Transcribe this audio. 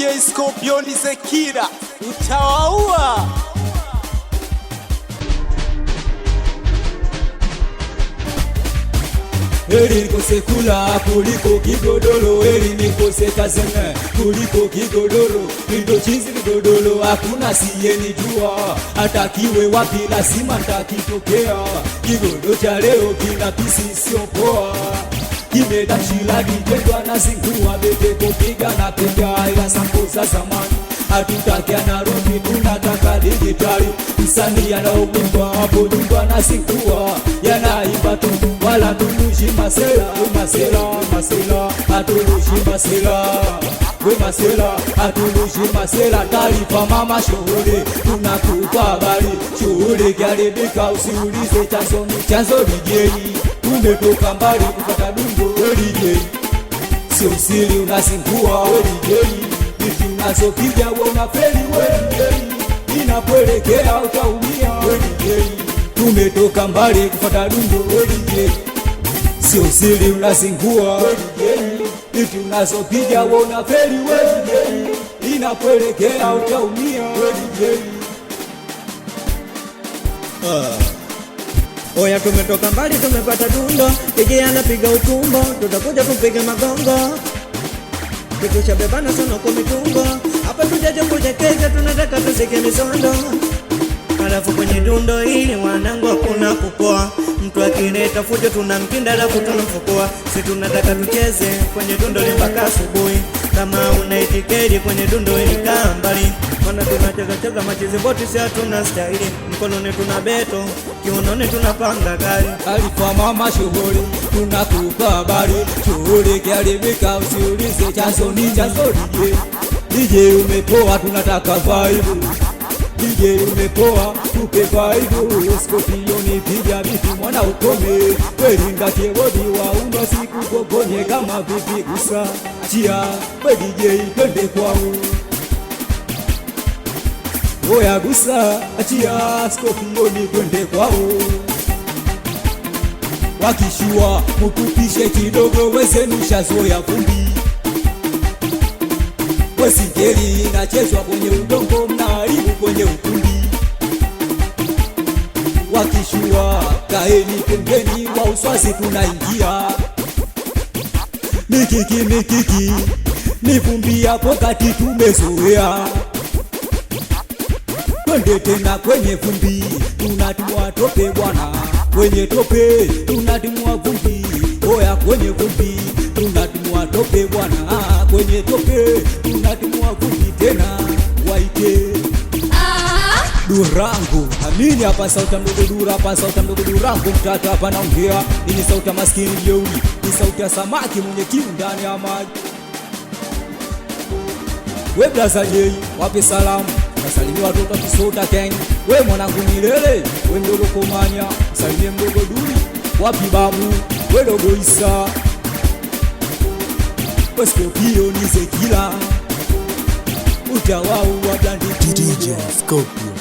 DJ Scorpion Zekira utawaua. Heri nikose kula kuliko kigodoro, heri nikose kazeme kuliko kigodoro. Ndo jinsi kigodoro hakuna siyenijua, atakiwe wapi lazima ntakitokea. Kigodoro cha leo kina pisi sio poa, kimedashila na zingua bete kopiki hatutaki anarudi, tunataka dijitali. Msanii anaogopa abunifu, anasikua yanaiba tu, wala turushi masela masela masela, haturushi masela we masela, haturushi masela. Taarifa mama, shughuli tunakupa habari, shughuli kiharibika, usiulize chanzo, ni chanzo dijei, tumetoka mbali kupata dungo, we dijei, sio usiri unasingua, we dijei utaumia Tumetoka mbali kufuata dundo wewe, sio siri unazingua wewe, ipi unazopiga utaumia ah. oya tumetoka mbali tumepata dundo, ije anapiga utumbo, tutakuja kumpiga magongo kitu bebana sana kwa mitumbo. Hapa tujaje kujekeza tunataka tuzike misondo. Alafu kwenye dundo hili wanangu hakuna kupoa. Mtu akileta fujo tunamkinda alafu tunamfukua. Si tunataka tucheze kwenye dundo mpaka asubuhi kama itikeri kwenye dundo ilikaa mbali, mana tunachezacheza machizi boti si hatuna stahili, mkononi tuna beto, kiunoni tunapanga gari, alifa mama shughuli, tunakupa habari, shughuli kiharibika, usiulize chanzo ni chanzo. DJ DJ umepoa, tunataka vibe DJ umepoa, tupe vaibu, skopio nipiga vipi mwana ukome, welingatie wodi wa siku gogonye kama vipi gusa, chia we DJ twende kwao Oya gusa, achia skopio ni twende kwao Wakishua mukupishe kidogo, wezenusha zoya vumbi wesingeli inachezwa kwenye udongo, mnaharibu kwenye ukumbi. Wakishua kaeni pembeni, wa uswazi tunaingia. Mikiki mikiki ni vumbi hapo kati, tumezoea twende tena kwenye vumbi, tunatimua tope bwana, kwenye tope tunatimua vumbi, oya kwenye vumbi tunatimua tope bwana, kwenye tope Durangu amini hapa sauta mdogo dura hapa sauta mdogo Durangu mtata hapa naongea ini sauta maskini jeuli ni sauti ya samaki mwenye kiu ndani ya maji. We blaza jei wape salamu nasalimia watoto kisota keng we mwanangu milele we mdogo komanya salimie mdogo duri wapi babu we dogo isa we Scorpio utawau wa blandi DJ Scorpio